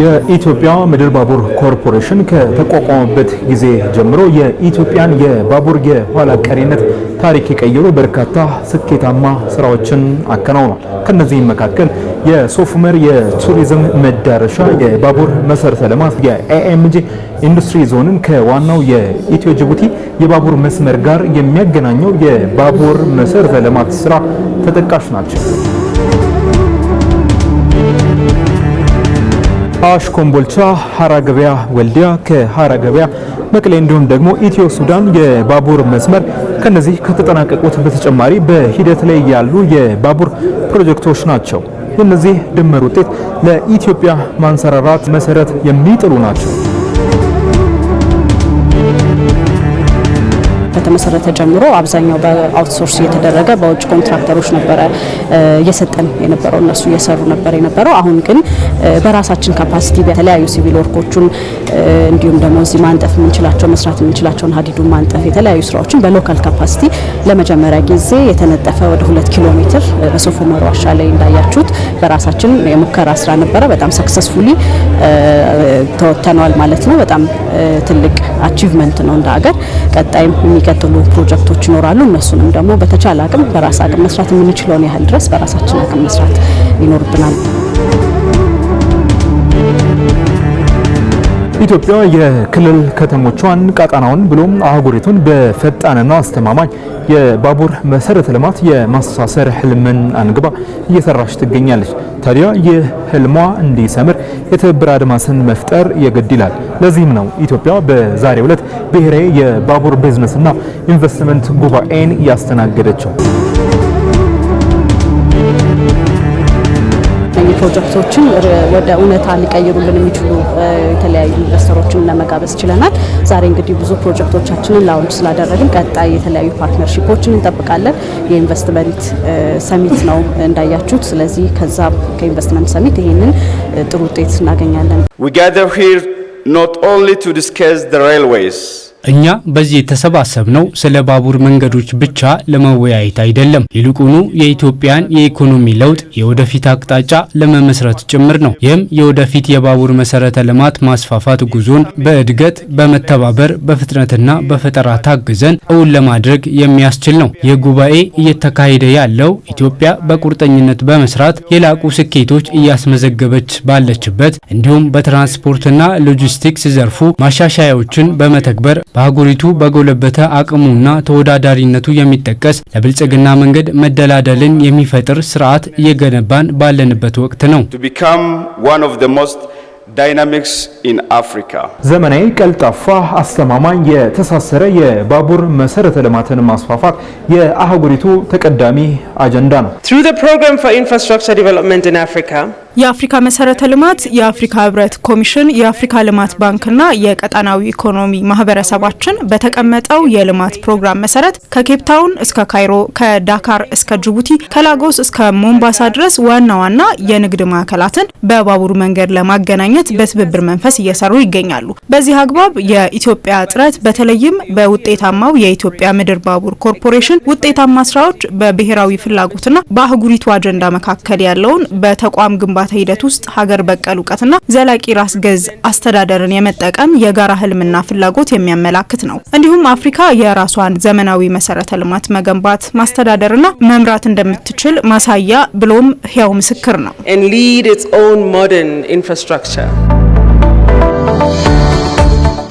የኢትዮጵያ ምድር ባቡር ኮርፖሬሽን ከተቋቋመበት ጊዜ ጀምሮ የኢትዮጵያን የባቡር የኋላ ቀሪነት ታሪክ የቀየሩ በርካታ ስኬታማ ስራዎችን አከናውኗል። ከነዚህም መካከል የሶፍመር የቱሪዝም መዳረሻ፣ የባቡር መሰረተ ልማት፣ የኤኤምጂ ኢንዱስትሪ ዞንን ከዋናው የኢትዮ ጅቡቲ የባቡር መስመር ጋር የሚያገናኘው የባቡር መሰረተ ልማት ስራ ተጠቃሽ ናቸው። አዋሽ፣ ኮምቦልቻ፣ ሀራ ገበያ ወልዲያ፣ ከሀራ ገበያ መቅሌ እንዲሁም ደግሞ ኢትዮ ሱዳን የባቡር መስመር ከነዚህ ከተጠናቀቁት በተጨማሪ በሂደት ላይ ያሉ የባቡር ፕሮጀክቶች ናቸው። የነዚህ ድምር ውጤት ለኢትዮጵያ ማንሰራራት መሰረት የሚጥሉ ናቸው። ከተመሰረተ ጀምሮ አብዛኛው በአውትሶርስ እየተደረገ በውጭ ኮንትራክተሮች ነበረ እየሰጠን የነበረው እነሱ እየሰሩ ነበር የነበረው። አሁን ግን በራሳችን ካፓሲቲ በተለያዩ ሲቪል ወርኮቹን እንዲሁም ደግሞ እዚህ ማንጠፍ የምንችላቸው መስራት የምንችላቸውን ሀዲዱን ማንጠፍ የተለያዩ ስራዎችን በሎካል ካፓሲቲ ለመጀመሪያ ጊዜ የተነጠፈ ወደ ሁለት ኪሎ ሜትር በሶፍ ዑመር ዋሻ ላይ እንዳያችሁት በራሳችን የሙከራ ስራ ነበረ። በጣም ሰክሰስፉሊ ተወጥተነዋል ማለት ነው። በጣም ትልቅ አቺቭመንት ነው እንደ ሀገር። ቀጣይም የሚቀጥሉ ፕሮጀክቶች ይኖራሉ። እነሱንም ደግሞ በተቻለ አቅም በራስ አቅም መስራት የምንችለውን ያህል ድረስ በራሳችን አቅም መስራት ይኖርብናል። ኢትዮጵያ የክልል ከተሞቿን ቀጣናውን ብሎም አህጉሪቱን በፈጣንና አስተማማኝ የባቡር መሰረተ ልማት የማስተሳሰር ህልምን አንግባ እየሰራች ትገኛለች። ታዲያ ይህ ህልሟ እንዲሰምር የትብብር አድማስን መፍጠር የግድ ይላል። ለዚህም ነው ኢትዮጵያ በዛሬው ዕለት ብሔራዊ የባቡር ቢዝነስና ኢንቨስትመንት ጉባኤን ያስተናገደችው። ፕሮጀክቶችን ወደ እውነታ ሊቀይሩልን የሚችሉ የተለያዩ ኢንቨስተሮችን ለመጋበዝ ችለናል። ዛሬ እንግዲህ ብዙ ፕሮጀክቶቻችንን ላውንች ስላደረግን ቀጣይ የተለያዩ ፓርትነርሺፖችን እንጠብቃለን። የኢንቨስትመንት ሰሚት ነው እንዳያችሁት። ስለዚህ ከዛ ከኢንቨስትመንት ሰሚት ይህንን ጥሩ ውጤት እናገኛለን። We gather here not only to discuss the railways እኛ በዚህ የተሰባሰብነው ስለ ባቡር መንገዶች ብቻ ለመወያየት አይደለም፣ ይልቁኑ የኢትዮጵያን የኢኮኖሚ ለውጥ የወደፊት አቅጣጫ ለመመስረት ጭምር ነው። ይህም የወደፊት የባቡር መሰረተ ልማት ማስፋፋት ጉዞን በእድገት በመተባበር በፍጥነትና በፈጠራ ታግዘን እውን ለማድረግ የሚያስችል ነው። ይህ ጉባኤ እየተካሄደ ያለው ኢትዮጵያ በቁርጠኝነት በመስራት የላቁ ስኬቶች እያስመዘገበች ባለችበት እንዲሁም በትራንስፖርትና ሎጂስቲክስ ዘርፉ ማሻሻያዎችን በመተግበር በአህጉሪቱ በጎለበተ አቅሙና ተወዳዳሪነቱ የሚጠቀስ ለብልጽግና መንገድ መደላደልን የሚፈጥር ስርዓት እየገነባን ባለንበት ወቅት ነው። ዳይናሚክስ ኢን አፍሪካ ዘመናዊ፣ ቀልጣፋ፣ አስተማማኝ የተሳሰረ የባቡር መሰረተ ልማትን ማስፋፋት የአህጉሪቱ ተቀዳሚ አጀንዳ ነው። የአፍሪካ መሰረተ ልማት የአፍሪካ ህብረት ኮሚሽን የአፍሪካ ልማት ባንክና የቀጣናዊ ኢኮኖሚ ማህበረሰባችን በተቀመጠው የልማት ፕሮግራም መሰረት ከኬፕታውን እስከ ካይሮ ከዳካር እስከ ጅቡቲ ከላጎስ እስከ ሞምባሳ ድረስ ዋና ዋና የንግድ ማዕከላትን በባቡር መንገድ ለማገናኘት በትብብር መንፈስ እየሰሩ ይገኛሉ። በዚህ አግባብ የኢትዮጵያ ጥረት በተለይም በውጤታማው የኢትዮጵያ ምድር ባቡር ኮርፖሬሽን ውጤታማ ስራዎች በብሔራዊ ፍላጎትና በአህጉሪቱ አጀንዳ መካከል ያለውን በተቋም ግንባ ግንባታ ሂደት ውስጥ ሀገር በቀል እውቀትና ዘላቂ ራስ ገዝ አስተዳደርን የመጠቀም የጋራ ህልምና ፍላጎት የሚያመላክት ነው። እንዲሁም አፍሪካ የራሷን ዘመናዊ መሰረተ ልማት መገንባት ማስተዳደርና መምራት እንደምትችል ማሳያ ብሎም ህያው ምስክር ነው።